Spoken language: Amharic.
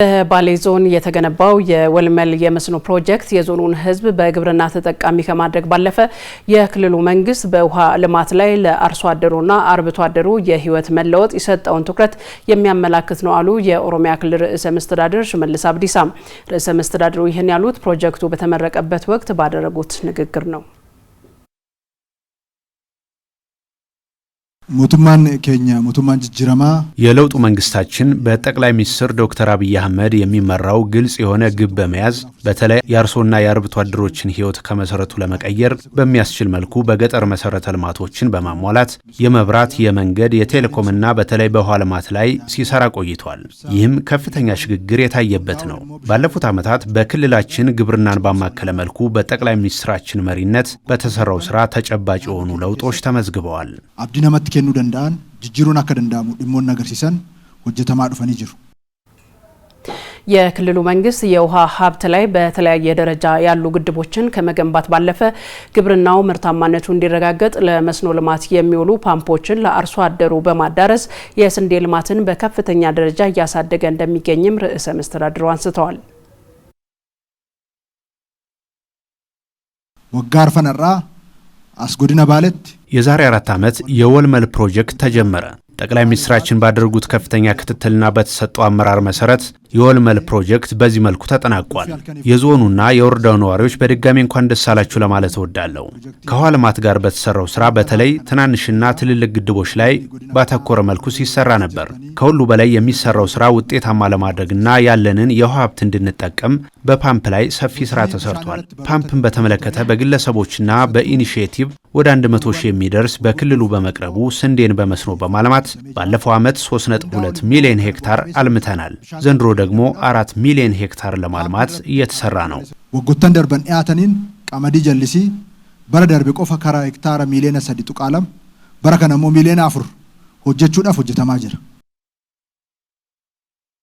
በባሌ ዞን የተገነባው የወልመል የመስኖ ፕሮጀክት የዞኑን ሕዝብ በግብርና ተጠቃሚ ከማድረግ ባለፈ የክልሉ መንግስት በውሃ ልማት ላይ ለአርሶ አደሩና አርብቶ አደሩ የህይወት መለወጥ የሰጠውን ትኩረት የሚያመላክት ነው አሉ የኦሮሚያ ክልል ርዕሰ መስተዳድር ሽመልስ አብዲሳ። ርዕሰ መስተዳድሩ ይህን ያሉት ፕሮጀክቱ በተመረቀበት ወቅት ባደረጉት ንግግር ነው። ሙቱማን ኬኛ ሙቱማን ጅጅረማ የለውጡ መንግስታችን በጠቅላይ ሚኒስትር ዶክተር አብይ አህመድ የሚመራው ግልጽ የሆነ ግብ በመያዝ በተለይ የአርሶና የአርብቶ አደሮችን ህይወት ከመሰረቱ ለመቀየር በሚያስችል መልኩ በገጠር መሰረተ ልማቶችን በማሟላት የመብራት፣ የመንገድ፣ የቴሌኮምና በተለይ በውሃ ልማት ላይ ሲሰራ ቆይቷል። ይህም ከፍተኛ ሽግግር የታየበት ነው። ባለፉት ዓመታት በክልላችን ግብርናን ባማከለ መልኩ በጠቅላይ ሚኒስትራችን መሪነት በተሰራው ስራ ተጨባጭ የሆኑ ለውጦች ተመዝግበዋል። አብዲነመት ኬኑ ደንዳን ጅጅሩን አከደንዳሙ ድሞን ነገር ሲሰን ሆጀተማ ዱፈኒ ጅሩ የክልሉ መንግስት የውሃ ሀብት ላይ በተለያየ ደረጃ ያሉ ግድቦችን ከመገንባት ባለፈ ግብርናው ምርታማነቱ እንዲረጋገጥ ለመስኖ ልማት የሚውሉ ፓምፖችን ለአርሶ አደሩ በማዳረስ የስንዴ ልማትን በከፍተኛ ደረጃ እያሳደገ እንደሚገኝም ርዕሰ መስተዳድሩ አንስተዋል። ወጋር ፈነራ አስጎድነ ባለት የዛሬ አራት ዓመት የወልመል ፕሮጀክት ተጀመረ። ጠቅላይ ሚኒስትራችን ባደረጉት ከፍተኛ ክትትልና በተሰጠው አመራር መሰረት የወልመል ፕሮጀክት በዚህ መልኩ ተጠናቋል። የዞኑና የወረዳው ነዋሪዎች በድጋሚ እንኳን ደስ አላችሁ ለማለት እወዳለሁ። ከውሃ ልማት ጋር በተሰራው ስራ በተለይ ትናንሽና ትልልቅ ግድቦች ላይ ባተኮረ መልኩ ሲሰራ ነበር። ከሁሉ በላይ የሚሰራው ስራ ውጤታማ ለማድረግና ያለንን የውሃ ሀብት እንድንጠቀም በፓምፕ ላይ ሰፊ ስራ ተሰርቷል። ፓምፕን በተመለከተ በግለሰቦችና በኢኒሽቲቭ ወደ 100 ሺህ የሚደርስ በክልሉ በመቅረቡ ስንዴን በመስኖ በማልማት ባለፈው ዓመት 3.2 ሚሊዮን ሄክታር አልምተናል። ዘንድሮ ደግሞ አራት ሚሊዮን ሄክታር ለማልማት እየተሰራ ነው። ወጎተን ደርበን ያተኒን ቀመዲ ጀልሲ በረ ደርቤ ቆፈ ከራ ሄክታር ሚሊዮን ሰዲጡ ቃለም በረከነሞ ሚሊዮን አፉር ሆጀቹ ዳፍ ሆጀተማ ጅራ